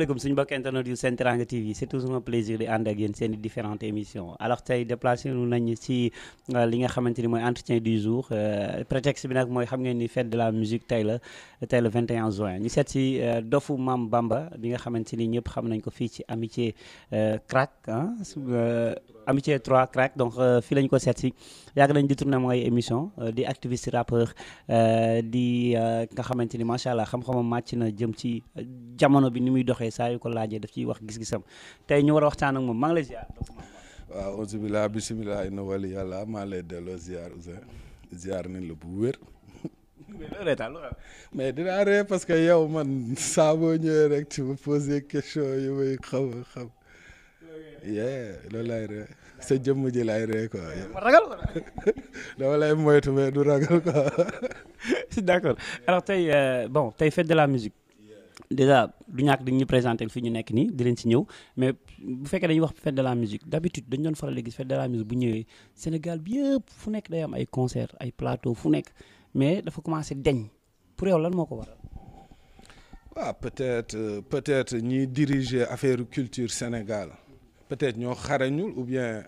asalaamaaleykum suñu mbokk internet yu Teranga TV c'est toujours un plaisir di ànd ak yéen seen i différentes émissions alors tey déplacé nu nañ ci euh, li nga xamante mooy entretien du jour euh, prétexte bi nag mooy xam ngeen ni fête la musique tey la tey le juin ñu seet si euh, dofu Maam Bamba bi nga xamante ni xam nañ ko fii ci amitié crack Amitié 3 Crac donc euh, fii lañ ko seet si yàgg nañ di tourné mooy émission euh, di activiste rappeur euh, di nga xamante ni macha allah xam-xamam màcc na jëm ci jamono bi ni muy doxee saa yu ko laajee daf ciy wax gis-gisam tey ñu war a waxtaan ak moom maa ngi lay ziar. waaw auzu billah bisimilah inna wali yàlla maa lay delloo ziar Ouzin ziar nañ la bu wér. mais dinaa ree parce que yow yee loolu laay sa jëmm ji laay ree moytu du ragal quoi. d' accord euh, bon tey fête de la musique déjà du ñàkk di ñu présenté fi ñu nekk nii di leen si ñëw mais bu fekkee dañuy wax fête de la musique d' habitude dañu doon faral di gis fête de la musique bu ñëwee Sénégal bi yëpp fu nekk day am ay concert ay plateau fu nekk mais dafa commencé deñ pour yow lan moo ko waral. waaw ah, peut-être euh, peut affaire culture Sénégal. peut-être ñoo xarañul ou bien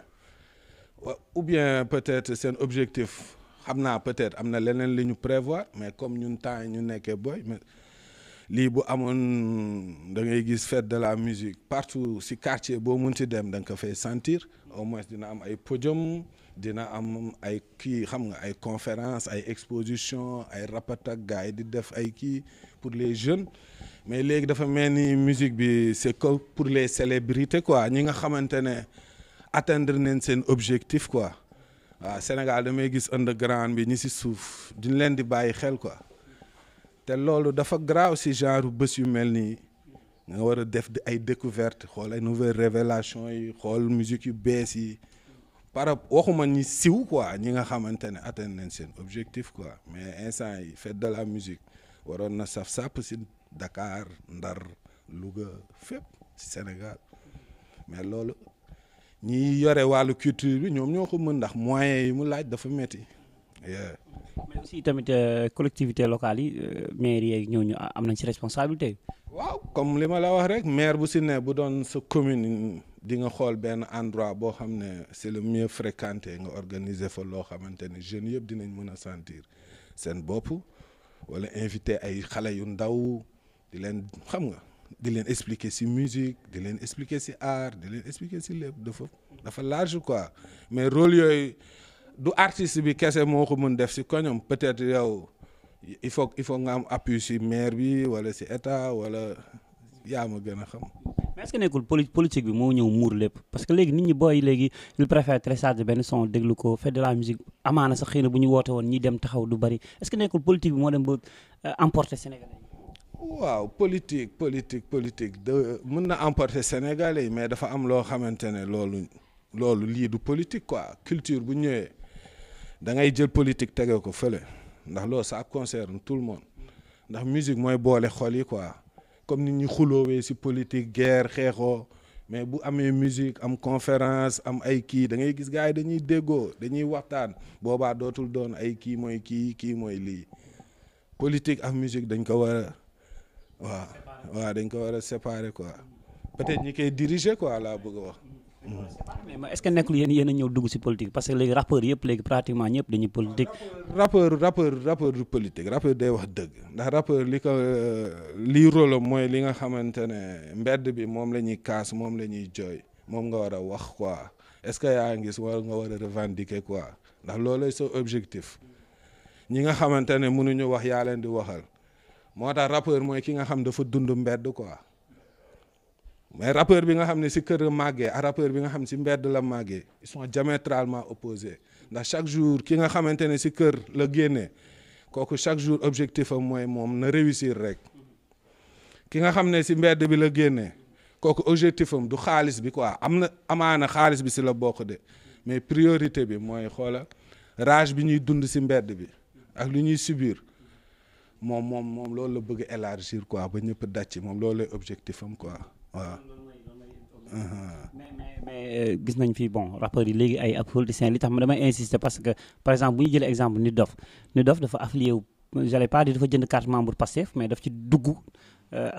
ou bien peut-être seen objectif xam naa peut-être am na leneen li ñu prévoir mais comme ñun temps ñu nekkee booy mais lii bu amoon da ngay gis fête de la musique partout si quartier boo mun ci dem danga ko fay sentir au moins dina am ay podium dina am ay kii xam nga ay conférence ay exposition ay rapatak gars di def ay kii pour les jeunes mais léegi dafa mel ni musique bi c'est que pour les célébrités quoi ñi nga xamante ne atteindre nañ seen objectif quoi waaw Sénégal damay gis underground bi ñi si suuf duñ leen di bàyyi xel quoi te loolu dafa graaw si genre bés yu mel ni nga war a def ay découverte xool ay nouvelle révélation yi xool musique yu bees yi par waxuma ñi siw quoi ñi nga xamante ne atteindre nañ seen objectif quoi mais instant yi fête de la musique waroon na saf sàpp si dakaar Ndar Louga fépp Sénégal mais loolu ñi yore wàllu culture bi ñoom ñoo ko mën ndax moyens yi mu laaj dafa metti mais aussi tamit euh, collectivité locale yi euh, maire yeeg ñooñu am nañ ci responsabilité. waaw comme li ma la wax rek maire bu si ne bu doon sa commune di nga xool benn endroit boo xam ne c'est le mieux fréquenté nga organiser fa loo xamante ni jeunes yëpp dinañ mën a sentir seen bopp wala invité ay xale yu ndaw. di leen xam nga di leen expliquer ci musique di leen expliquer si art di leen expliquer ci lépp dafa dafa large quoi mais rôle yooyu du artiste bi kese moo ko mën def ci koñom peut-être yow il faut il faut nga am appui si maire bi walla ci état walla yaa ma a xam. mais est-ce que nekkul poli politique bi moo ñëw muur lépp parce que léegi nit ñi booy léegi ils préfèrent très chargé benn son déglu ko fait de la musique amaana sax xëy na bu ñu woote woon ñi dem taxaw du bari est-ce que nekkul politique bi moo dem ba euh, emporter waaw politique politique politique de mën na emporter Sénégalais mais dafa am loo xamante ne loolu loolu lii du politique quoi culture bu ñëwee da ngay jël politique tege ko fële ndax loolu ça concerne tout le monde ndax musique mooy boole xol yi quoi comme ni ñu xuloowee si politique guerre xeexoo mais bu amee musique am conférence am ay kii da ngay gis gars yi dañuy déggoo dañuy waxtaan boobaa dootul doon ay kii mooy kii kii mooy lii politique ak musique dañ ko war waaw waaw dañ ko war a séparer quoi peut-être ñi koy diriger quoi laa bëgg a wax. mais est-ce que nekkul yéen yéen a ñëw dugg ci politique parce que léegi rappeurs yëpp léegi pratiquement ñëpp dañuy politique. rappeur rappeur rappeur du politique rappeur day wax dëgg ndax rappeur li ko lii rôle mooy li nga xamante ne mbedd bi moom la ñuy kaas moom la ñuy jooy moom nga war a wax quoi est-ce que yaa ngi war nga war a revendiquer quoi ndax loolay sa objectif ñi nga xamante ne mënuñu wax yaa leen di waxal. moo tax rappeur mooy ki nga xam dafa dund mbedd quoi mais rappeur bi nga xam ne si kër màggee ak rappeur nga xam si mbedd la màggee ils sont diamétralement opposés ndax chaque jour ki nga xamante ne si kër la génnee kooku chaque jour objectif am mooy moom na réussir rek ki nga xam ne si mbedd bi la génnee kooku objectif am du xaalis bi quoi am na amaana xaalis bi si la bokk de mais priorité bi mooy xoola rage bi ñuy dund si mbedd bi ak lu ñuy subir moom moom moom loolu la bëgg élargir quoi ba ñëpp dàcc moom loolu lay objectif am quoi waaw. mais mais euh, gis nañ fii bon rappeurs yi léegi ay ak politiciens li tax ma damay insister parce que par exemple bu ñu jëlee exemple Nit Dof Nit Dof dafa affilié wu j'allais pas dafa jënd carte membre Pastef mais daf ci dugg. Euh,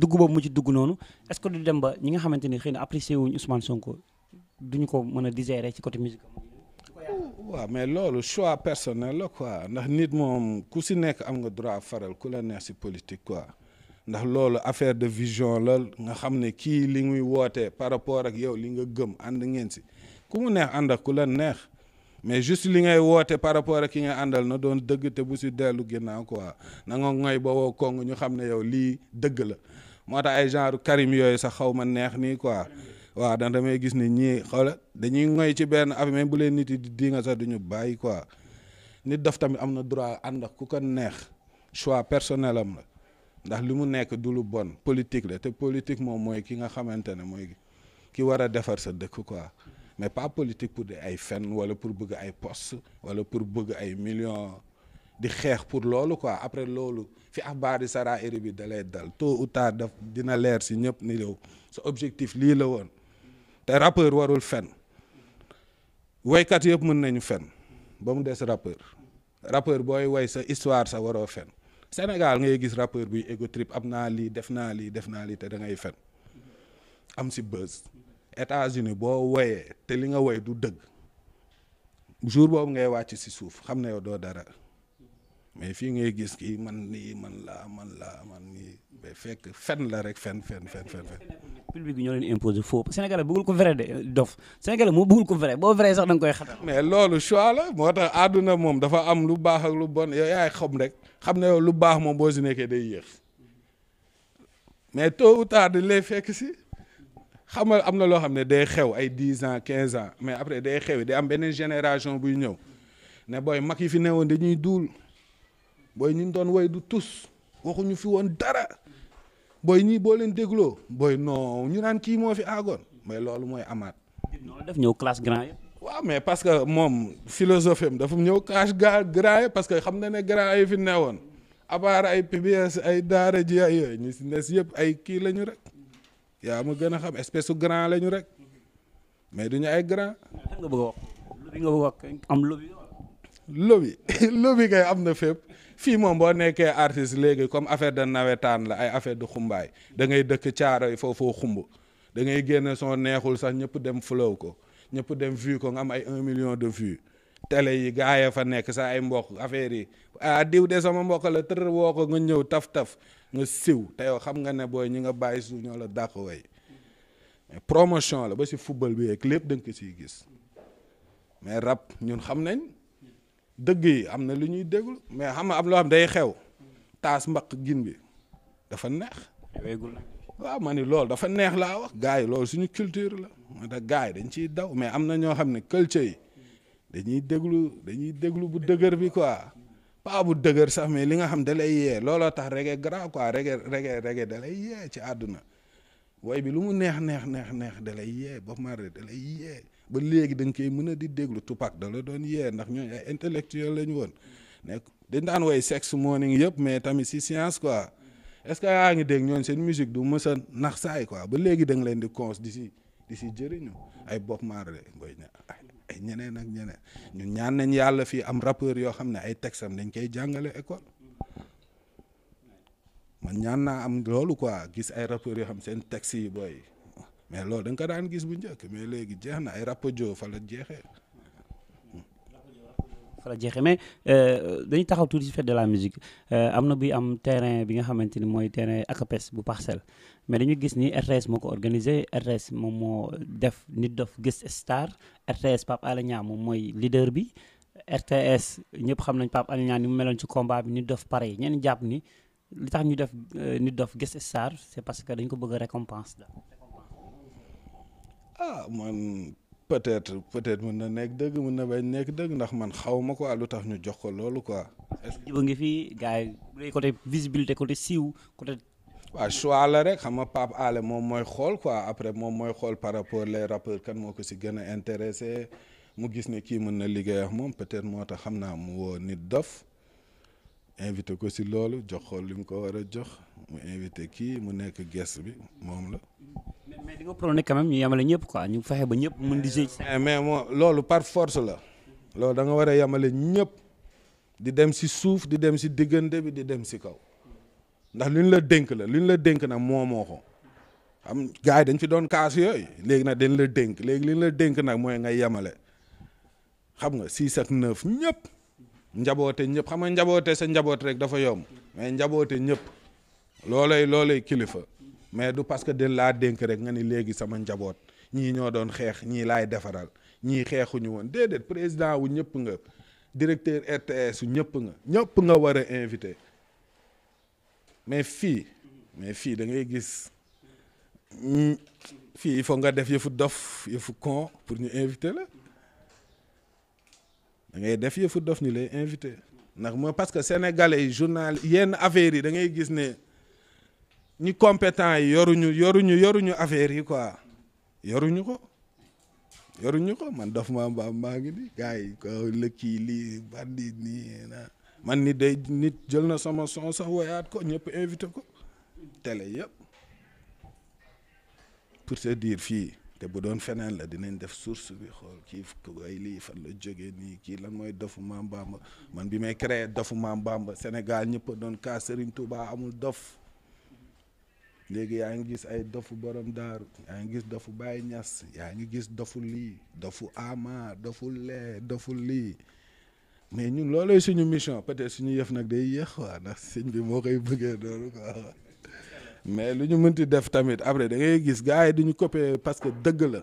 dugg ba mu ci dugg noonu est-ce que du dem ba ñi nga xamante ni xëy na apprécié wuñu Ousmane Sonko duñu ko mën a digérer ci côté musique waaw mais loolu choix personnel la quoi ndax nit moom ku si nekk am nga droit faral ku la neex si politique quoi ndax loolu affaire de vision la nga xam ne kii li muy wootee par rapport ak yow li nga gëm ànd ngeen si ku mu neex ànd ak ku la neex mais juste li ngay woote par rapport ak ki nga àndal na doon dëgg te bu si dellu ginnaaw quoi na nga ngoy ba woo kong ñu xam ne yow lii dëgg la moo tax ay genre Karim yooyu sax xaw ma neex nii quoi. waaw da damay gis ni ñii xoola dañuy ngoy ci benn affaire même bu leen nit yi di nga sax duñu bàyyi quoi nit daf tamit am na droit ànd ak ku ko neex choix personnel am la ndax li mu nekk du lu bon politique la te politique moom mooy ki nga xamante ne mooy ki war a defar sa dëkk quoi mais pas politique pour dee ay fen wala pour bëgg ay post wala pour bëgg ay millions di xeex pour loolu quoi après loolu fi axbaari sara iri bi dalay dal tôt ou tard daf dina leer si ñëpp ni yow sa objectif lii la woon te rappeur warul fen woykat yëpp mën nañu fen ba mu des rappeur rappeur booy woy sa histoire sa waroo fen Sénégal ngay gis rappeur buy ego trip am naa lii def naa lii def naa lii te da ngay fen am si buzz États-Unis boo woyee te li nga woy du dëgg jour boobu ngay wàcc si suuf xam ne yow doo dara mais fii ngay gis kii man nii man laa man laa man nii mais fekk fen la rek fen fen fen fen fen public bi ñoo leen imposé faux Sénégalais bëggul ko vrai de dof Sénégalais moo bëggul ko vrai boo vrai sax da nga koy xatal mais loolu choix la moo tax àdduna moom dafa am lu baax ak lu bon yow yaay xam rek xam ne yow lu baax moom boo si nekkee day yéex mais tôt ou tard dañ lay fekk si xam nga am na loo xam ne day xew ay dix ans quinze ans mais après day xew day am beneen génération buy ñëw ne booy mag yi fi newoon dañuy duul booy ñi doon woy du tus waxuñu fi woon dara booy ñii boo leen dégloo booy non ñu naan kii moo fi aagoon mais loolu mooy amaat. daf ñëw classe grand yi. parce que moom philosophie am dafa ñëw classe grand yi parce que xam na ne grand yi fi newoon abaar ay PBS ay daara ji ay ñu si nes yëpp ay kii lañu rek yaa ma gën a xam espèce su grand lañu ñu rek mais du ñu ay grand. nga am lobby. lobby kay am na fépp. fii moom boo nekkee artiste léegi comme affaire de nawetaan la ay affaire de xumbaay da ngay dëkk caaro yi foofoo xumb da ngay génne son neexul sax ñëpp dem flow ko ñëpp dem vue ko nga am ay un million de vues télé yi gaaya fa nekk sax ay mboq affaire yi ah diw de sama mbokk la tër woo ko nga ñëw taf-taf nga siw te yow xam nga ne booy ñi nga bàyyi suuf ñoo la dàq way promotion la ba si football bi yeeg lépp da ko siy gis mais rap ñun xam nañ dëgg yi am na lu ñuy déglu mais xam am loo xam day xew taas mbaq gin bi dafa neex. xeweegul waaw ma loolu dafa neex laa wax gars yi loolu suñu culture la moo tax gars yi dañ ciy daw mais am na ñoo xam ne culture yi dañuy déglu dañuy déglu bu dëgër bi quoi pas bu dëgër sax mais li nga xam da lay yee looloo tax reggae grand quoi reggae reggae reggae yee ci àdduna. way bi lu mu neex neex neex neex da lay yee ba mare da lay yee ba léegi dañ koy mën a di déglu Tupac da la doon yee ndax ñooñu ay intellectuel lañu woon nekk dañ daan woy sex morning yëpp mais tamit si science quoi est-ce que yaa ngi dégg ñooñu seen musique du mës a nax saay quoi ba léegi danga leen di cons di si di si jëriñu ay Bob Marley ngoy ay ñeneen ak ñeneen ñun ñaan nañ yàlla fii am rappeur yoo xam ne ay texam dañ koy jàngale école man ñaan naa am loolu quoi gis ay rappeurs yoo xam seen texte yi booy mais loolu danga ko daan gis bu njëkk mais léegi jeex na ay rapajo fa la jeexee. fa la jeexee mais euh, dañuy taxaw tuuti ci fête de la musique euh, am na buy am terrain bi nga xamante ni mooy terrain akapes bu parcelle mais dañu gis ni RTS moo ko organisé moom moo def nit dof gis star RTS Pape Alé moom mooy leader bi RTS ñëpp xam nañ Pape Alé Niang ni mu meloon ci combat bi nit dof pare ñeen jàpp ni li tax ñu def euh, nit dof gis star c'est parce que dañ ko bëgg a récompense ah man peut-être peut-être mën na nekk dëgg mun na bañ nekk dëgg ndax man xaw ko waa lu tax ñu jox ko loolu quoi. est-ce ngi fi gars yi côté visibilité côté siiw côté. waaw choix la rek xam nga Pape Alé moom mooy xool quoi après moom mooy xool par rapport les rappeurs kan moo ko si gën a intéressé mu gis ne kii mën na liggéey moom peut-être moo tax xam naa mu woo nit dof invité ko si loolu jox ko li mu ko war a jox mu invité kii mu nekk guest bi moom la. mais di nga prôné quand même ñu yemale ñëpp quoi ñu fexe ba ñëpp mën di. mais moo loolu par force la. loolu da war a yemale ñëpp di dem si suuf di dem si diggante bi di dem si kaw ndax li ñu la dénk la li ñu la dénk nag moomoo ko xam gars dañ fi doon kaas léegi nag dañ la dénk léegi li la dénk nag mooy nga yemale xam nga six ak neuf ñëpp. njaboote ñëpp xam nga njaboote sa njaboot rek dafa yomb mais njaboote ñëpp loolay loolay kilifa mais du parce que de laa dénk rek nga ni léegi sama njaboot ñii ñoo doon xeex ñii laay defaral ñii xeexuñu woon déedéet président wu ñëpp nga directeur RTS wu ñëpp nga ñëpp nga war a invité mais fii mais fii da ngay gis fii il faut nga def yëfu dof fu con pour ñu invité la dangay ngay def yëfu dof ñu lay invité ndax moo parce que sénégalais yi journal yenn affaires yi dangay gis ne ñi compétent yi yoruñu yoruñu yoruñu affaires yi quoi yoruñu ko yoruñu ko man dof maa mbaam maa ngi ni gars yi ko lii bandi nii na man ni day nit jël na sama son sax woyaat ko ñëpp invité ko tele yëpp pour te dire fii te bu doon feneen la dinañ def source bi xool kii ay lii fan la jóge nii kii lan mooy dofu maam Bamba man bi may créé dofu maam Bamba Sénégal ñëpp doon kaa Serigne Touba amul dof léegi yaa ngi gis ay dofu borom daaru yaa ngi gis dofu Baye Ñas yaa ngi gis dofu lii dofu ama dofu lee dofu lii mais ñun loolooy suñu mission peut-être suñu yëf nag day yéex waa ndax sëñ bi moo koy bëggee doonu quoi mais lu ñu mënti def tamit après da ngay gis gars yi duñu copier parce que dëgg la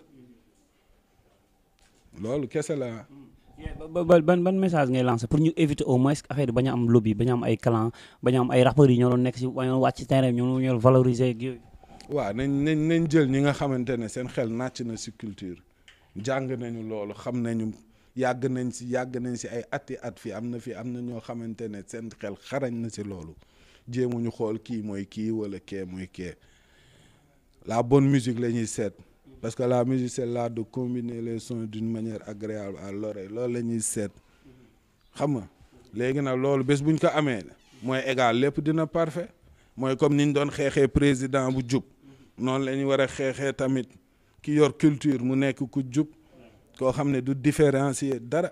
loolu kese la. ba ban ban message ngay lancer pour ñu éviter au moins affaire bañ am lobby bañ am ay clan bañ am ay rappeurs yi ñoo doon nekk si ñoo doon wàcc ci ñoo doon waaw nañ nañ nañ jël ñi nga xamante ne seen xel nàcc na si culture jàng nañu loolu xam nañu yàgg nañ si yàgg nañ si ay ati at fii am na fi am na ñoo xamante ne seen xel xarañ na si loolu. jéem ñu xool kii mooy kii wala kee mooy kee la bonne musique la ñuy seet parce que la musique c'est l'art du combiner les sons d'une manière agréable à l'oreille loolu la ñuy seet xam nga léegi nag loolu bés buñ ko amee mooy égal lépp dina parfait mooy comme niñ doon xeexee président bu jub noonu la ñu war a xeexee tamit ki yor culture mu nekk ku jub koo xam ne du différencier dara.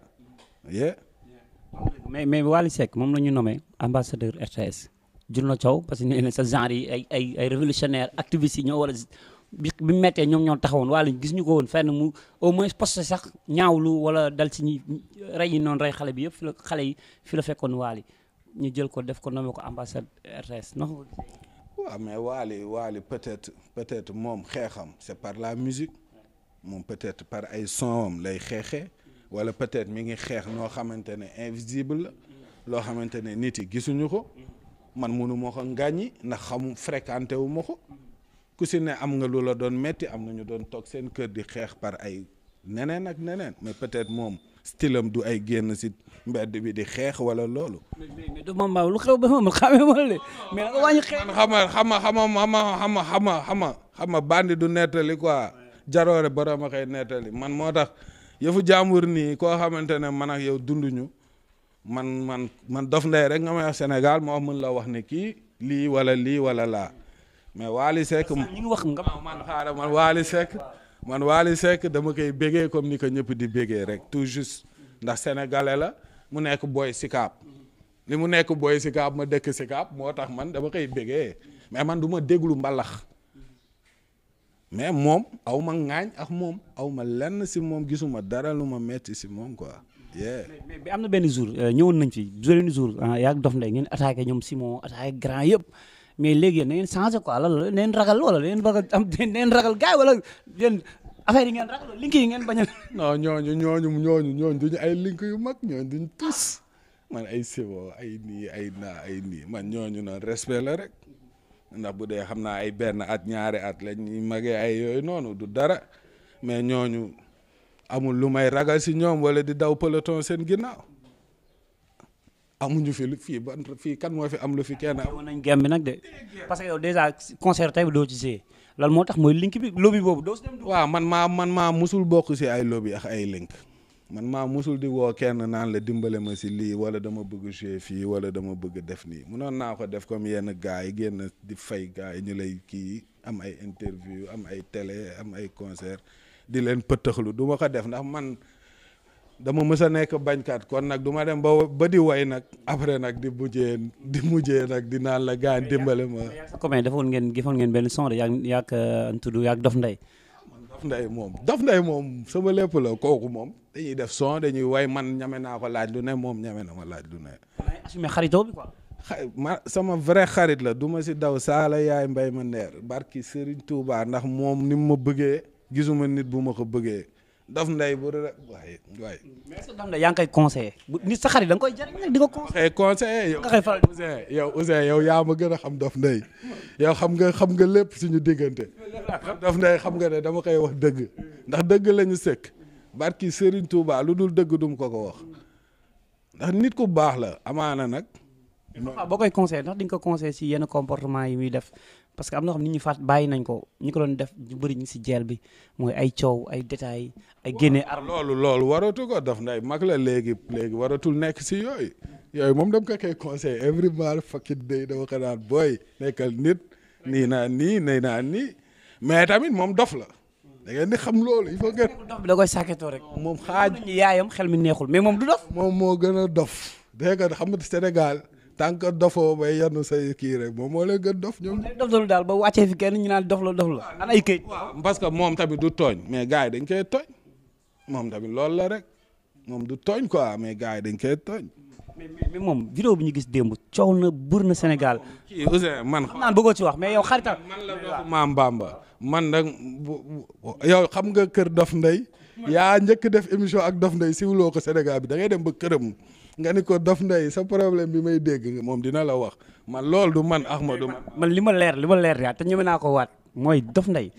mais mais Wally Seck moom la ñu nommé ambassadeur RTS. jur na coow parce que nee na sa genre yi ay ay ay révolutionnaire activiste ñoo war a bi bi mu méttee ñoom ñoo taxawoon wala gis ñu ko woon fenn mu au moins poste sax ñaawlu wala dal ci ñi rey yi noonu rey xale bi yëpp la xale yi fi la fekkoon waali ñu jël ko def ko nommé ko ambassade RTS non. waaw mais waali waali peut-être peut-être moom xeexam c'est par la musique moom peut-être par ay am lay xeexee wala peut-être mi ngi xeex noo xamante ne invisible la loo xamante ne nit yi gisuñu ko. man munu ma ko ngàññi ndax xam fréquenté wu ma ko ku si ne am nga lu la doon metti am na ñu doon toog seen kër di xeex par ay neneen ak neneen mais peut-être moom style du ay génn si mbedd bi di xeex wala loolu. mais lu xew ba ma xamee wala de mais da nga wàññi xeex. xama xama xama xama xama xama bandi du nettali quoi jaroore borom a koy nettali man moo tax yëfu jàmbur nii koo xamante ne man ak yow dunduñu. man man man Dof Ndeye rek nga may wax Sénégal moo mën la wax ne kii lii wala lii wala laa mais Wally Seck ñu wax nga man xaaral man Wally Seck man Wally Seck dama koy bégee comme ni ko ñëpp di bégee rek tout juste ndax sénégalais la mu nekk booy Sikaab li mu nekk booy Sikaab ma dëkk Sikaab moo tax man dama koy bégee mais man duma déglu mbalax mais moom aw ma ŋaañ ak moom aw ma lenn si moom gisuma dara lu ma metti si moom quoi mais bi am na benn jour euh, ñëwoon nañ fi benn jour ah, yaa dof ndey ngeen attaqué ñoom Simon attaqué grand yëpp mais léegi yéen na ngeen changé quoi lan la neen ragal wala neen ragal am neen ragal gars yi wala yéen yi ngeen ragal link yi ngeen bañ a. non ñooñu ñooñu ñooñu ñooñu duñu ay yu mag ñooñu duñu tus man ay siwo ay nii ay naa ay nii man ñooñu noonu respect la rek ndax bu dee xam naa ay benn at ñaari at la ñuy magee ay yooyu noonu du dara mais ñooñu. amul lu may ragal si ñoom wala di daw peloton seen ginnaaw amuñu fi lu fii ban fii kan moo fi am lu fi kenn am. nañ gem nag parce que yow déjà doo ci see loolu moo tax mooy link bi boobu doo si dem. man maa man maa musul bokk si ay lobby ak ay man maa musul di woo kenn naan la dimbale ma si lii wala dama bëgg jouer fii wala dama bëgg def nii munoon naa ko def comme yenn gars yi génn di fay gars yi ñu lay kii am ay interview am ay télé am ay concert. di leen pëtëxlu du ma ko def ndax man dama mës a nekk bañkat kon nag du ma dem ba ba di way nag après nag di mujjee di mujjee nag di naan la gaa dimbale ma. sa commune defoon ngeen gifoon ngeen benn son de yaa yaag euh, tudd yaag Dof Ndeye. Dof Ndeye moom Dof Ndeye moom sama lépp la kooku moom dañuy def son dañuy way man ñame naa ko laaj lu ne moom ñame na ma laaj lu ne. assumé xaritoo bi quoi. ma sama vrai xarit la du ma si daw saala yaay mbay ma neer barki Serigne Touba ndax moom ni mu ma bëggee. gisuma nit bu ma ko bëggee daf nday bu rek waaye waaye. mais sa daf nday yaa ngi koy conseillé bu da nga koy jariñ nag di ko conseillé. Eh, conseillé yow yaa ma gën a xam daf nday yow xam nga xam nga lépp suñu diggante daf nday xam nga ne dama koy wax dëgg ndax dëgg la ñu sëkk barki Serigne Touba lu dul dëgg dum ko ko wax ndax nit ku baax la amaana nag. boo koy conseillé ndax di ko conseil si yenn comportement yi muy def parce que am na xam nit ñi faat bàyyi nañ ko ñi ko doon def ñu bëri ñu si jeel bi mooy ay coow ay détails ay génne arme loolu loolu waratu ko daf nday mag la léegi léegi waratul nekk si yooyu yooyu moom dam ko koy conseil every mal fucking day dama ko naan mais tamit moom dof la da ngeen di xam koy sàkketoo rek. moom xaaj yaayam xel mi neexul mais moom du dof. moom moo gën a dof dégg nga xam Sénégal. tant que dofoo bay yenn say kii rek moom moo lay gën dof ñoom. dof la daal ba wàccee fi kenn ñu naan dof la dof la. ana ay këyit parce que moom tamit du tooñ mais gars yi dañ koy tooñ moom tamit loolu la rek moom du tooñ quoi mais gars yi dañ koy tooñ. moom vidéo bi ñu gis démb coow na bur na Sénégal. man. xam naa bëggoo ci wax mais yow man la maam Bamba man nag yow xam nga kër Dof Ndeye. yaa njëkk def émission ak Dof Ndeye siwloo ko Sénégal bi dangay dem ba këram. nga ni ko dof ndey sa problème bi may dégg moom dina la wax man lool du man ax Ahmadou man. man li ma leer li ma leer yaa te ñeme naa ko waat mooy dof ndey.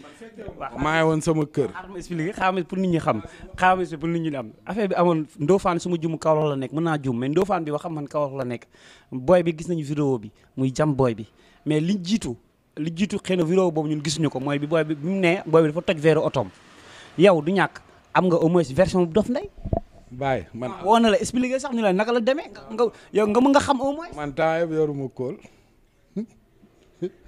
maa ngi woon sama kër. xaaral ma expliqué pour nit ñi xam xaaral ma pour nit ñi am affaire bi amoon Ndofane su ma juum la nekk mën naa juum mais Ndofane bi wax xam man Kaolack la nekk booy bi gis nañu video bi muy jam booy bi mais li jiitu. li jiitu xëy na vidéo boobu ñun gisuñu ko mooy bi booy bi bi mu ne booy bi dafa toj yow du ñàkk am nga au moins version bu dof ndey bàyyi man ah, woo na la expliqué sax ni la naka la demee nga yow nga mën nga xam au moins. man temps yëpp yoruma kóol.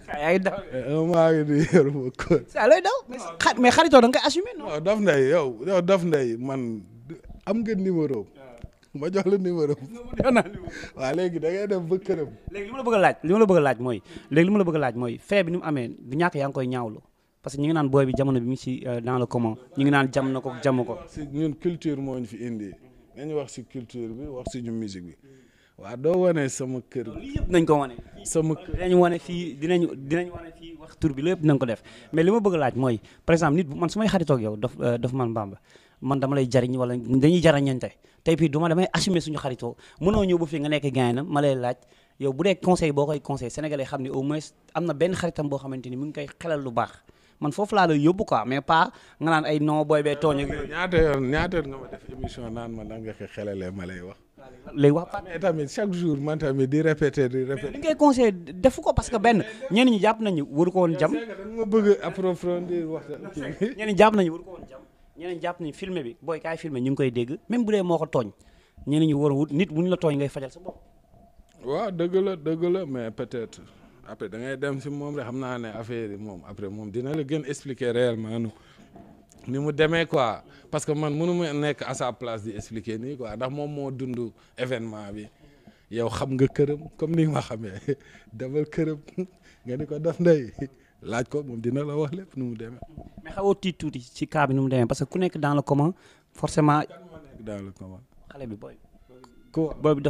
yaa ngi daw eh, maa mais xaritoo da nga koy assumer non. waaw Dof Ndeye yow yow man am nga numéro. ma jox la numéro waaw léegi da ngay dem ba këram. léegi li ma la bëgg a laaj laaj mooy léegi li a laaj mooy fee bi ni mu amee du ñàkk yaa ngi koy ñaawlu. parce que ñu ngi naan booy bi jamono bi mu ci euh, dans le commun ñu ngi naan jam na ko jam ko. si ñun culture moo ñu fi wax si culture bi wax si ñu musique bi waaw doo wane sama kër. lii yëpp nañ ko wane. sama kër dinañ wane fii dinañ dinañ wane wax tur bi lépp dinañ ko def mais li ma bëgg laaj mooy par exemple nit man su may xaritoog yow daf euh, daf man bamba man dama lay jariñ wala dañuy jarañante tey puis du ma damay assumer suñu xaritoo mënoo ñëw ba fii nga nekk gaynam ma lay laaj. yow bu dee conseil boo koy conseil sénégalais xam ne au moins am na benn xaritam boo xamante ni mu ngi koy xelal lu baax man foofu laa lay yóbbu quoi mais pas nga naan ay non booy bee tooñ ak ñaata yoon ñaata yoon nga ma def émission naan ma nan nga ko xelalee ma lay wax léegi mais tamit chaque jour man tamit di répéter di répéter. li ngay conseillé defu ko parce que benn ñeen ñi jàpp nañu waru ko woon jam ma bëgg approfondir wax ñi jàpp nañu waru ko woon jam ñeneen ñi jàpp nañu filmé bi booy kaay ñu ngi koy dégg même bu dee moo ko tooñ ñeneen ñi war a nit bu ñu la tooñ ngay fajal sa bopp waaw dëgg la dëgg la mais peut après da ngay dem si moom rek xam naa ne affaire yi moom après moom dina la gën expliquer réellement nu ni mu demee quoi parce que man mënu ma nekk à sa place di expliquer nii quoi ndax moom moo dund événement bi yow xam nga këram comme ni ma xamee demal këram nga ni ko def nday laaj ko moom dina la wax lépp nu mu demee. mais xaw a tiit tuuti ci cas bi nu mu demee parce que ku nekk dans le commun forcément. ko moo xale bi booy. ku booy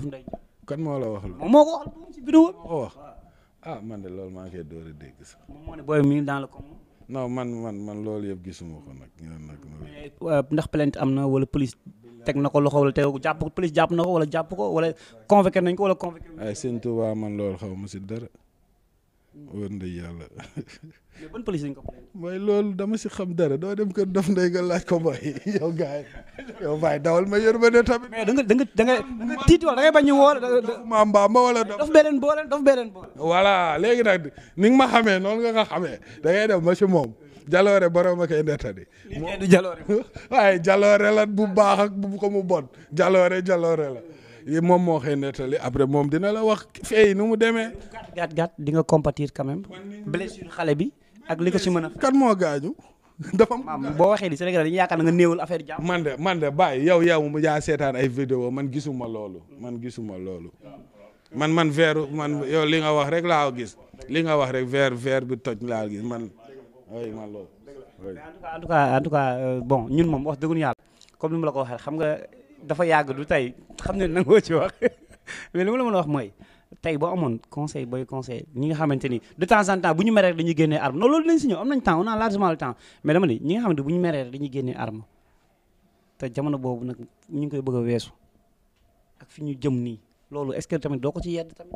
kan moo la wax la. ah man de lool maa ngi koy door a dégg sax. moom man man man loolu yëpp gisuma ko nag ñu nag. Euh, ndax plainte am na wala police teg na ko loxo wala teg ko jàpp ko police jàpp na ko wala jàpp ko wala convoqué nañ ko wala convoqué. ay sëñ Tuubaa man lool xaw ma si dara. wër ndey yàlla. lool da police si xam dara doo dem kër Dof Ndeye nga laaj ko mooy yow gars yi dawal ma yor ma ne tamit. mais da nga da nga da nga tiit wala da ngay bañ ñu woo. ma mbaa ma wala dof dof boole dof bee léegi nag ni nga ma xamee noonu nga nga xamee da ngay ma si moom. jaloore borom a koy nettali. lii du jaloore. waaye la bu baax ak ko mu bon jaloore jaloore la. moom moo xëy nettali après moom dina la wax fee nu mu demee. gàtt gàtt di nga compatir quand blessure xale bi ak li ko si mën a. kan moo gaañu. dafa am boo waxee ni Sénégal dañuy yaakaar na nga néewul affaire jàmm. man de man de bàyyi yow yow mu yaa seetaan ay vidéo man gisuma loolu man gisuma loolu. man man veeru man li nga wax rek laa gis li nga wax rek veer veer bi toj laa gis man. oui man loolu. en tout cas en tout cas euh, bon ñun moom wax dëgguñu yàlla. comme ni ma la ko waxee xam nga. dafa yàgg du tey xam ne nangoo ci wax mais li ma la mën a wax mooy tey boo amoon conseil booy conseil ñi nga xamante ni de temps en temps bu ñu meree rek dañuy génnee arme non loolu lañ si ñëw am nañ temps on a largement le temps mais ne ñi nga xamante te jamono boobu nag ñu ngi koy bëgg a weesu ak fi ñu jëm nii loolu est tamit doo ko ci yedd tamit.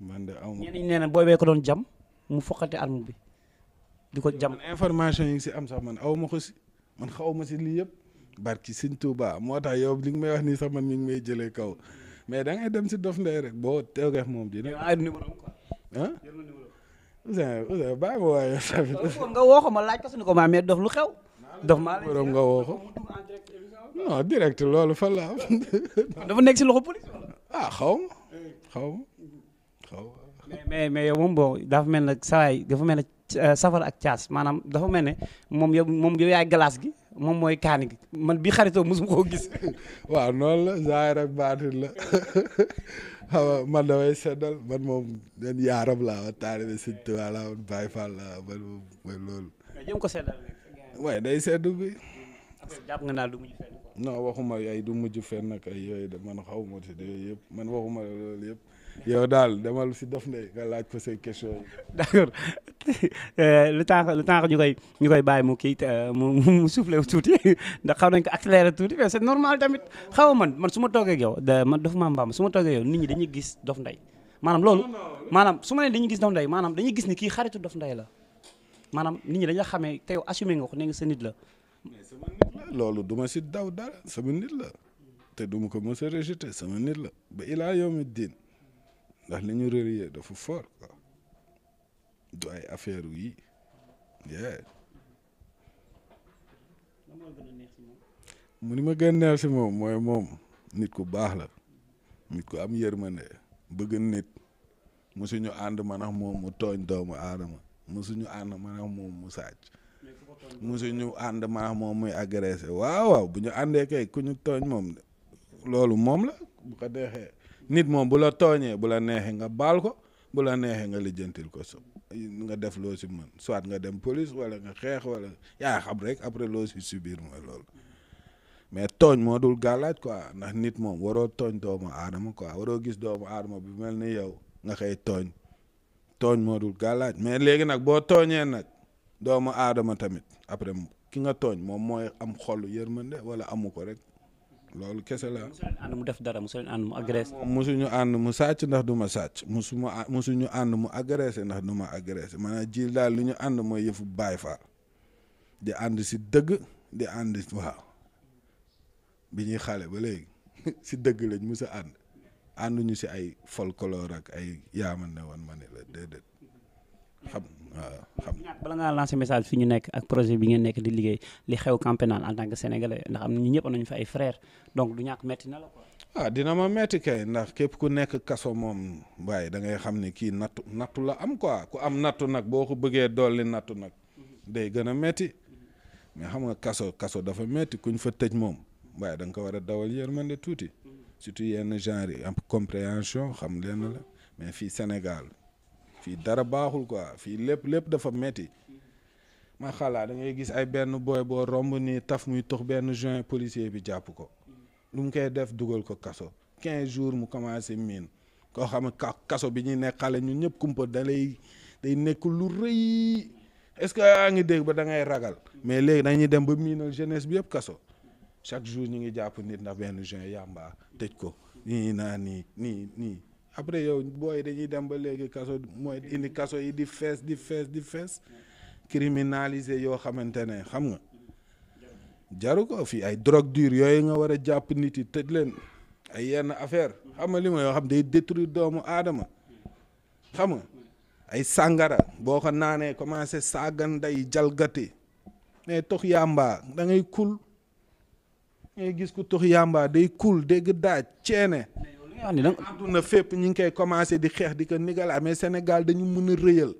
man de aw ma ñenn ñi nee na booy bee ko doon jam mu foqate arme bi di ko jam. information yi si am sax man aw ma ko si man xaw ma si lii yëpp. barki sëñ Touba moo tax yow li nga may wax nii sax man mi ngi may jëlee kaw mais da ngay dem si Dof Ndeye rek boo teew moom dina. ah Ousseyn Ousseyn bàyyi ma nga woo ko ma laaj ko suñu ko ma amee dof lu xew. dof maa borom nga woo ko. direct loolu fan la dafa nekk si loxo police. ah xaw xaw xaw mais mais moom boo dafa mel ne saa dafa mel ne euh, safara ak caas maanaam dafa mel ne moom yow moom yow yaay glace gi. moom mooy kaani gi man bi xaritoo mosuma koo gis. waaw noonu la zaahir ak baatin la xam man damay seddal man moom yan yaaram laa wa taalibe Sëñ Tuubaa Baay Faal laa man moom mooy loolu. mais day seddu bi. jàpp nga naa du mujj fenn. waxuma ay du mujj fenn ak ay yooyu de man xaw ma si yooyu man waxuma loolu yëpp. yow daal demal si Daf Ndeye nga laaj ko say question yi. d'accord euh, le temps le temps ñu koy ñu koy bàyyi mu kii euh, mu mu soufflé tuuti ndax xaw nañ ko accéléré tuuti mais c'est normal tamit xaw ma man man su ma toogee ak yow man dafa maa mbaam su ma toogee yow nit ñi dañuy gis Daf Ndeye maanaam loolu. maanaam su ma nee gis Daf Ndeye maanaam dañuy gis ni kii xaritu Daf Ndeye la maanaam nit ñi dañ xamee te yow nga ko ne nga sa nit la. mais loolu du ma si daw dara sama nit la te du ko mos a sama nit la ba ilaa yawmi diin ndax li ñu relier dafa fort quoi du ay affaire yi yeah. mu ni ma gën neex si moom mooy moom nit ku baax la nit ku am yërmande bëgg nit mosuñu ànd man ak moom mu tooñ doomu aadama ànd man ak mu sàcc ànd man moom muy agressé waaw waaw bu ñu àndee kay ku ñu tooñ moom loolu moom la bu ko deexee nit moom bu la tooñee bu la neexee nga baal ko bu la neexee nga lijjantil ko so nga def loo si mën soit nga dem police wala nga xeex wala yaa xam rek après loo si subir mooy lool mais tooñ moo dul gàllaaj quoi ndax nit moom waroo tooñ doomu aadama quoi waroo gis doomu aadama bi mel ni yow nga xëy tooñ tooñ moo dul gàllaaj mais léegi nag boo tooñee nag doomu aadama tamit après ki nga tooñ moom mooy am xolu yërmande wala amu ko rek loolu kese la mosu leen ànd mu def dara mosu leen ànd mu agressé. mosuñu ànd mu sàcc ndax duma sàcc mosu ma mosuñu ànd mu agressé ndax du ma agressé a ji daal lu ñu ànd mooy yëfu Baay Faal di ànd si dëgg di ànd waaw bi ñuy xale ba léegi si dëgg lañ mus a ànd ànduñu si ay folklore ak ay yaaman ne woon ma ne la déedéet xam waaw bala ngaa lancer message fi ñu nekk ak projet bi ngeen nekk di liggéey li xew camp pénal en tant que sénégalais ndax am na ñu ay frères donc du ñàkk metti na la ah, dina ma metti ndax képp ku nekk kaso moom waaye da ngay xam ne kii nattu nattu la am quoi ku am nattu nag boo ko bëggee dolli nattu nag day gën a metti mais xam nga kaso kaso dafa metti kuñ fa tëj moom waaye da nga ko war a dawal yërmande tuuti surtout yenn genre yi am compréhension xam leen la mais fii Sénégal. fii dara baaxul quoi fii lépp lépp dafa metti ma xalaat da ngay gis ay benn booy boo romb ni taf muy tox benn joint policier bi jàpp ko lu mu koy def dugal ko kaso quinze jours mu commencé miin koo xam ne kaso bi ñuy nekk ñun ñëpp kumpa da day nekk lu rëy est-ce que yaa ngi dégg ba da ngay ragal mais léegi dañuy dem ba miinal jeunesse bi yëpp kaso chaque jour ñu ngi jàpp nit ndax benn joint yàmba tëj ko nii naa nii nii après yow booy dañuy dem ba léegi kaso mooy indi kaso yi di fees di fees di fees criminaliser yoo xamante ne xam nga jaru ko fi ay drogue dure yooyu nga war a jàpp nit yi tëj leen ay yenn affaire xam nga li yoo xam day détruire doomu aadama xam nga ay sàngara boo ko naanee commencé saagan day jalgati mais tox yàmba dangay ngay kul ngay gis ku tox yàmba day kul dégg daaj ceene àdduna fépp ñu ngi koy commencé di xeex di ko nigalaa amee ah, Sénégal dañu mën a rëyal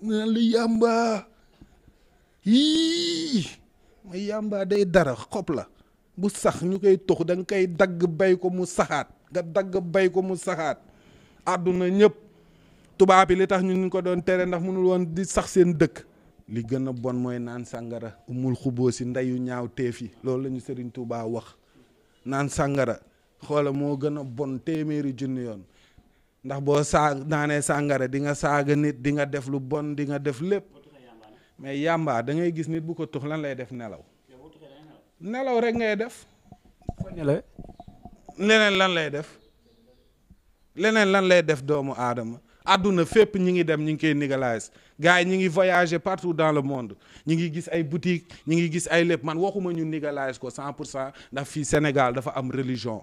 naan li yàmba yii yàmba day dara xob la bu sax ñu koy tux danga koy dagg bay ko mu saxaat nga dagg bay ko mu saxaat àdduna ñëpp tubaab yi li tax ñu ko doon tere ndax mënul woon di sax seen dëkk li gën a bon mooy naan sàngara umul xuboo si ndeyu ñaaw teef yi loolu la Sëriñ Tuubaa wax naan sàngara xoola moo gën a bon téeméeri junni yoon ndax boo saa daanee sàngara di nga saaga nit di nga def lu bon di nga def lépp mais yàmbaa da ngay gis nit bu ko tux lan lay def nelaw nelaw rek ngay def leneen lan lay def leneen lan lay def doomu aadama àdduna fépp ñi ngi dem ñi ngi koy négaliser gars yi ñi ngi voyager partout dans le monde ñi ngi gis ay boutiques ñi ngi gis ay lépp man waxuma ñu négaliser ko cent pour cent ndax fii Sénégal dafa am religion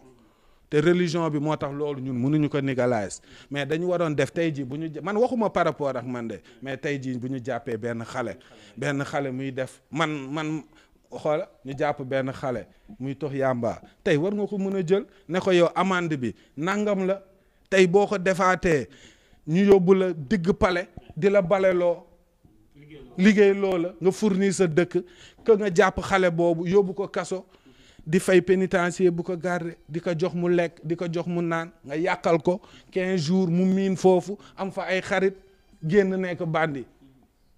te religion bi moo tax loolu ñun mënuñu ko négaliser mais dañu waroon def tey jii bu ñu man waxuma par rapport ak man de mais tey jii bu ñu jàppee benn xale benn xale muy def man man xool ñu jàpp benn xale muy tox yàmba tey war nga ko mën a jël ne ko yow amande bi nangam la tey boo ko defaatee ñu yóbbu la digg pale di la baleloo liggéey loo la nga fournir sa dëkk que nga jàpp xale boobu yóbbu ko kaso di fay pénitencier bu ko garder di ko jox mu lekk di ko jox mu naan nga yàqal ko quinze jours mu miin foofu am fa ay xarit génn nekk bandi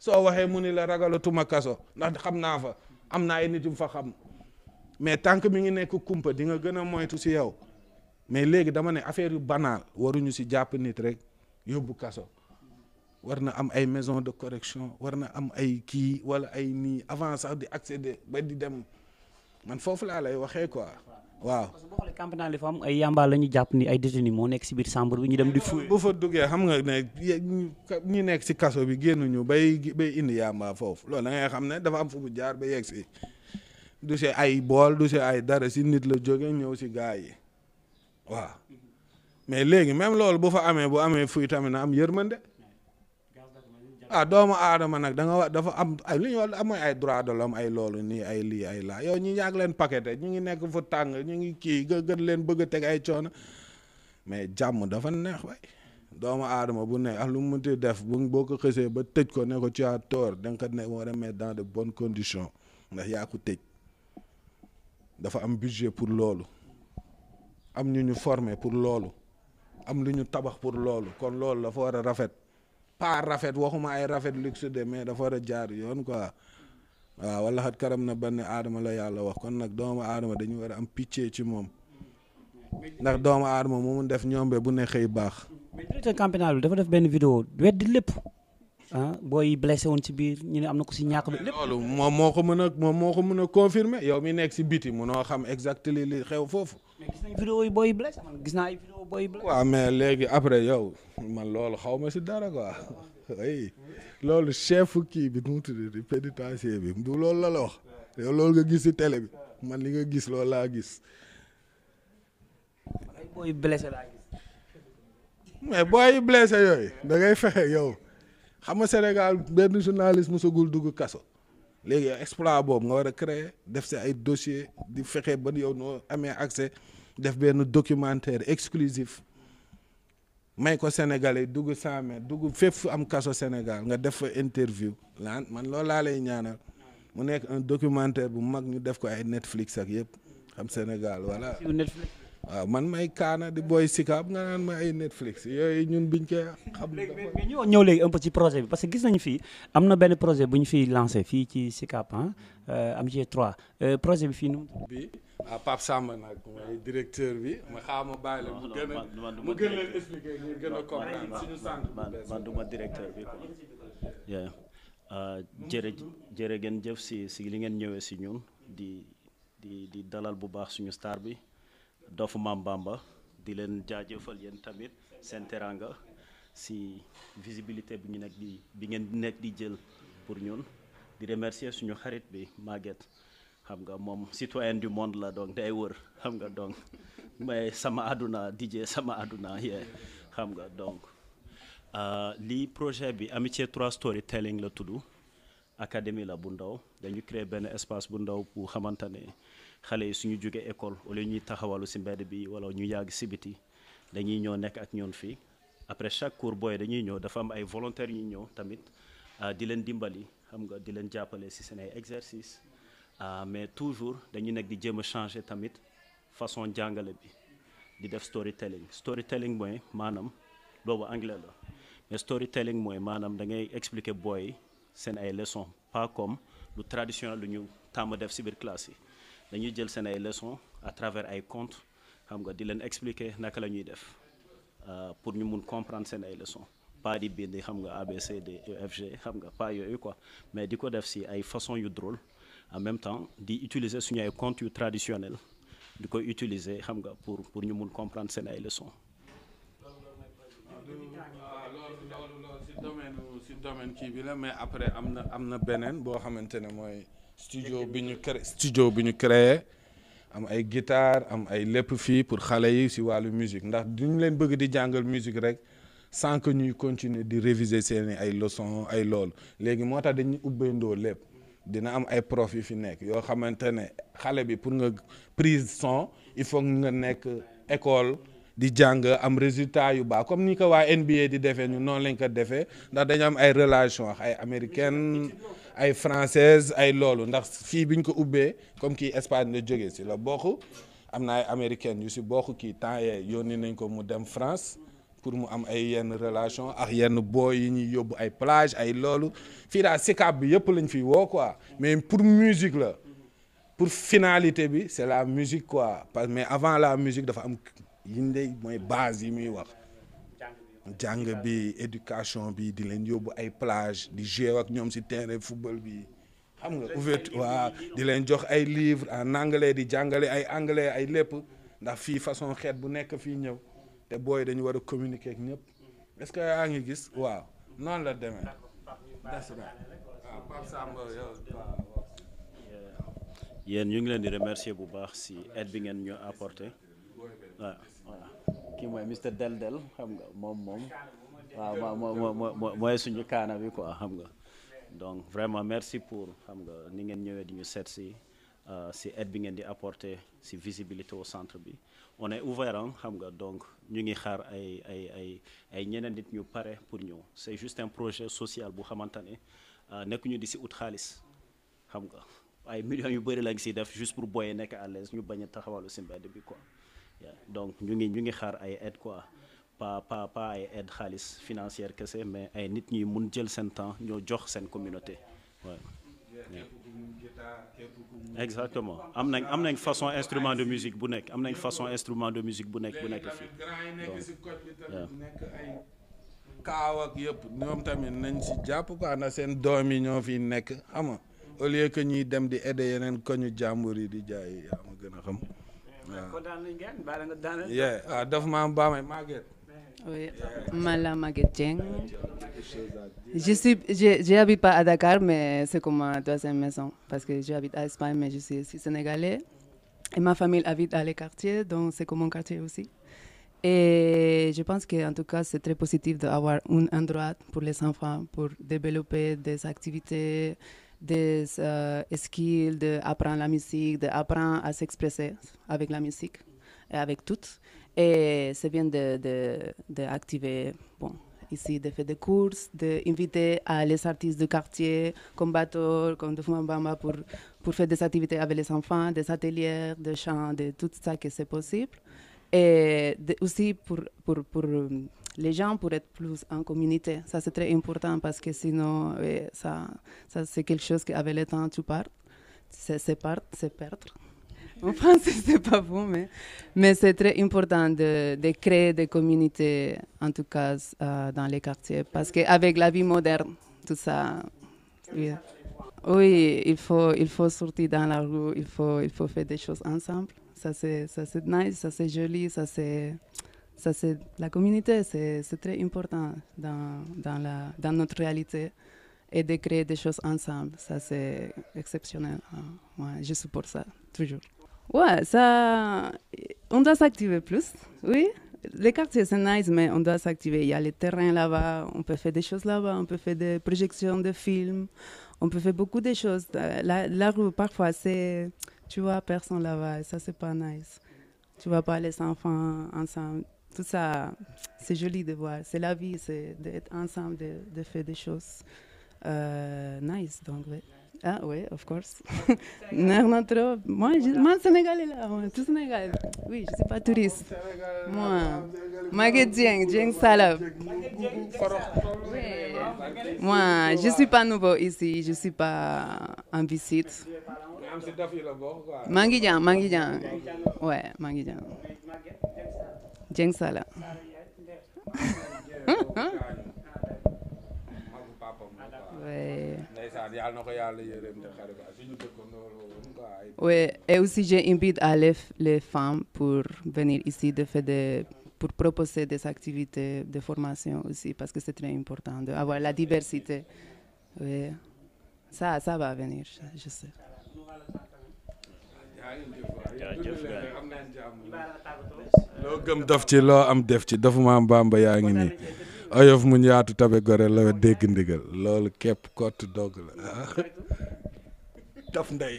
soo waxee mu ni la ragalatuma kaso ndax xam naa fa am naa ay nit yu fa xam mais tant que mi ngi nekk kumpa di nga gën a moytu si yow mais léegi dama ne affaire yu banal waruñu si jàpp rek yóbbu kaso war na am ay maison de correction war na am ay kii wala ay nii avant sax di accéder ba di dem man foofu laa lay waxee quoi waaw. parce que boo xoolee campagne li fa am ay yamba la ñu jàpp ni ay détenus moo nekk si biir chambre bi ñu dem di. fuy bu fa duggee xam nga ne ñi nekk si kaso bi génnuñu bay bay indi yamba foofu loolu da xam ne dafa am fu bu jaar ba yegg si du si ay bool du si ay dara si nit la jóge ñëw si gaa yi waaw mais léegi même loolu bu fa amee bu amee fuy tamit na am de ah doomu aadama nag da nga dafa am ay li ñu wax am ay droit de ay loolu nii ay lii ay laa yow ñu yàgg leen paqueté ñu ngi nekk fu tàng ñu ngi kii nga gën leen bëgg a teg ay coono mais jàmm dafa neex way doomu aadama bu ne ak ah, lu mu munti def bu boo ko xësee ba tëj ko ne ko ci à tort da nga ko ne war a mettre dans de bonnes conditions ndax yaa ko tëj dafa am budget pour loolu am ñu ñu former pour loolu am lu ñu tabax pour loolu kon loolu dafa war rafet pas rafet waxuma ay rafet luxe de mais dafa war a jaar yoon ko waaw wala xat karam na benn aadama la yàlla wax kon nag doomu aadama dañu war a am picc ci moom ndax doomu aadama mun def ñombe bu ne xëy baax. mais directeur camp bi dafa def benn vidéo di lépp. ah booy blessé woon ci biir ñu ne am na ko si ñàkk bi. moom moo ko mën a moom moo ko mën a confirmer yow mi nekk si biti noo xam exactement li xew foofu. booy. mais léegi après yow man loolu xaw ma si dara quoi ay loolu chef kii bi nu mu tudd di bi du loolu la la wax loolu nga gis si télé bi man li nga gis loolu laa gis. ay booy mais booy blessé yooyu da ngay fexe yow xam nga Sénégal benn journaliste mosagul dugg kaso. léegi exploit boobu nga war a créer def si ay dossier di fexe ba yow noo amee accès def benn documentaire exclusif may ko sénégalais dugg 100 mètres dugg fépp fu am kaso Sénégal nga def fa interview lan man loolu laa lay ñaanal mu nekk un documentaire bu mag ñu def ko ay Netflix ak yëpp xam Sénégal wala waaw man may kaana di booy sikaab nga naan ma ay Netflix yooyu ñun biñ koy xam. léegi ñëw léegi un peu ci projet bi parce que gis nañu fii am na benn projet bu ñu fiy lancé fii ci sikaab pan euh, am ci 3 euh, projet bi fii nu bi ah Pape Samba directeur bi ma xaama bàyyi la mu gën a mu man duma directeur bi quoi euh, jërë jërë ngeen jëf si si li ngeen ñëwee si ñun di di di dalal bu baax suñu star bi Dofu Maam di leen jaajëfal yéen tamit seen teraanga si visibilité bi ñu nekk di bi ngeen nekk di jël pour ñun di remercier suñu xarit bi Maguette xam nga moom citoyen du monde la donc day wër xam nga donc mais sama àdduna DJ sama àdduna yee xam nga donc euh, lii projet bi Amitié 3 Storytelling la tudd académie la bu ndaw dañu créer benn espace bu ndaw bu xamante ne xale yi suñu jógee école wala ñuy taxawalu si mbedd bi wala ñu yàgg si biti dañuy ñëw nekk ak ñoon fii après chaque cours booy dañuy ñëw dafa am ay volontaires yu ñëw tamit ah, di leen dimbali xam nga di leen jàppale si seen ay exercice ah, mais toujours dañuy nekk di jéem a changer tamit façon jàngale bi di def storytelling storytelling mooy maanaam boobu anglais la mais storytelling mooy maanaam da ngay expliquer booy seen ay leçons pas comme lu traditionnel lu ñu tàmm def si biir classe yi. dañuy jël seen ay leçons à travers ay contes xam nga di leen expliquer naka la ñuy def euh, pour ñu mun comprendre seen ay leçons pas di bind xam nga ABCD EFG xam nga pas yooyu quoi mais di ko def si ay façon yu drôle en même temps di utiliser suñu ay contes yu traditionnels di ko utiliser xam nga pour pour ñu mun comprendre seen ay leçons. Ah, loolu loolu mais après am na am na beneen boo xamante ne mooy. studio bi ñu créé studio bi ñu créé am ay guitare am ay lépp fii pour xale yi si wàllu musique ndax duñu leen bëgg di jàngal musique rek sans que ñuy continuer di réviser seeni ay leçons ay loolu léegi moo tax dañuy ubbeendoo lépp dina am ay profit yu fi nekk yoo xamante ne xale bi pour nga prise son il faut nga nekk école di jàng am résultat yu baax comme ni ko waa NBA di defee ñu noonu lañ ko defee ndax dañu am ay relation ay américaine ay française ay loolu ndax fii bi ñu ko ubbee comme kii Espagne la jógee si la bokk am naa ay américaine yu si bokk kii temps yee nañ ko mu dem France pour mu am ay yenn relation ak yenn booy yi ñuy yóbbu ay plage ay loolu fii daal sikab bi yëpp lañ fi woo quoi mais pour musique la pour finalité bi c'est la musique quoi parce mais avant la musique dafa am yi ndey mooy base yi muy wax jàng bi éducation bi di leen yóbbu ay plage di jouer ak ñoom si terrain football bi xam nga ouverture waaw di leen jox ay livre en anglais di jàngale ay anglais ay lépp ndax fii façon xeet bu nekk fii ñëw te booy dañu war a communiquer ak ñëpp est-ce que yaa ngi gis waaw noonu la demee ah, yéen ñu ngi leen di remercier bu baax si aide bi ngeen ñu apporté waaw kii mooy mister del del xam nga moom moom waaw moo mooy suñu kaana bi quoi xam nga donc vraiment merci pour xam nga ni ngeen ñëwee di ñu seet si euh, si aide bi ngeen di apporter si visibilité au centre bi on est ouvert xam nga donc ñu ngi xaar ay ay ay ay ñeneen nit ñu pare pour ñëw c'est juste un projet social bu xamante ne euh, nekk ñu di si ut xaalis xam nga ay millions yu bëri la ngi si def juste pour booyee nekk à l'aise ñu bañ a taxawalu si mbedd bi quoi donc ñu ngi ñu ngi xaar ay aide quoi pas pas pas ay aide xaalis financière kese mais ay nit ñi mun jël seen temps ñoo jox seen communauté waaw exactement am nañ am nañ façon instrument de musique bu nekk am nañ façon instrument de musique bu nekk bu nekk fii kaaw ak yëpp ñoom tamit nañ si jàpp quoi na seen doom yi ñoo fi nekk ama nga au que ñuy dem di aider yeneen ko ñu jàmbur yi di jaay yaa ma gën a xam yeah uh, Je suis pas à Dakar mais c'est comme ma maison parce que j'habite à Espagne mais je suis sénégalais et ma famille habite dans les quartiers donc c'est comme quartier aussi. Et je pense que en tout cas c'est très positif d'avoir un endroit pour les enfants pour développer des activités des euh, de d'apprendre la musique, d'apprendre à s'exprimer avec la musique avec tout. Et c'est bien de, de, de activer, bon, ici, de faire des courses, d'inviter à les artistes de quartier, comme Bator, comme de Fumambamba, pour, pour faire des activités avec les enfants, de ateliers, des chants, de tout ça que c'est possible. Et de, aussi pour, pour, pour les gens pour être plus en communauté. Ça, c'est très important parce que sinon, oui, eh, ça, ça c'est quelque chose qu'avec le temps, tu pars. C'est perdre. On pense que ce n'est pas bon, mais, mais c'est très important de, de, créer des communautés, en tout cas euh, dans les quartiers, parce qu'avec la vie moderne, tout ça. Oui. oui, il, faut, il faut sortir dans la rue, il faut, il faut faire des choses ensemble. Ça, c'est nice, ça, c'est joli, ça, c'est. Ça, la communauté, c'est très important dans, dans, la, dans, notre réalité. Et de créer des choses ensemble, ça, c'est exceptionnel. Ouais, je suis pour ça, toujours. Ouais, ça, on doit s'activer plus, oui. Les quartiers, c'est nice, mais on doit s'activer. Il y a les terrains là-bas, on peut faire des choses là-bas, on peut faire des projections de films, on peut faire beaucoup de choses. Eh, la, la rue, parfois, c'est, tu vois, personne là-bas, ça, c'est pas nice. Tu vois pas les enfants ensemble. tout ça, c'est joli de voir. C'est la vie, c'est d'être ensemble, de, des choses euh, nice. Donc, ouais. Ah oui, of course. non, non, Moi, je, moi, Sénégalais tout Sénégal. Oui, je suis pas touriste. Moi, Maguette Dieng, Dieng Salab. Moi, je suis pas nouveau ici, je suis pas en visite. Mangi Dieng, Dieng Sala Oui, et aussi j'invite à les, femmes pour venir ici de faire des, pour proposer des activités de formation aussi, parce que c'est très important d'avoir la diversité. Oui. Ça, va venir, je sais. loo gëm daf ci loo am def ci dafa ma am bamba yaa ngi nii oyof mu yaatu tabe gore la dégg ndigal loolu képp kott dogg la daf ndey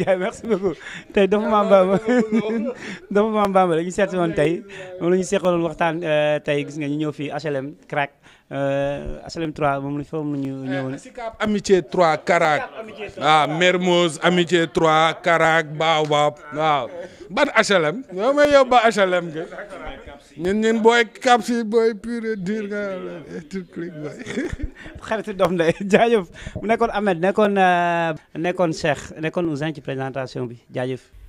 gars merci beaucoup tey dafa maam Bamba dafa la ñu seet woon tey moom ñu seqaloon waxtaan euh, tey gis nga ñu ñëw fii HLM CRAC HLM 3 moom la foofu la ñu euh, ñëwoon. Sicap Amitié 3 ah, Karak. waaw Mermoz Amitié 3 Karak Baobab waaw ban HLM. yow may yóbbu ba HLM ñun ñun booy Cap booy pure dur nga turclic booy. xaritu doom ndey jaajëf mu nekkoon Ahmed nekkoon euh, nekkoon Cheikh nekkoon Ousin ci présentation bi jaajëf.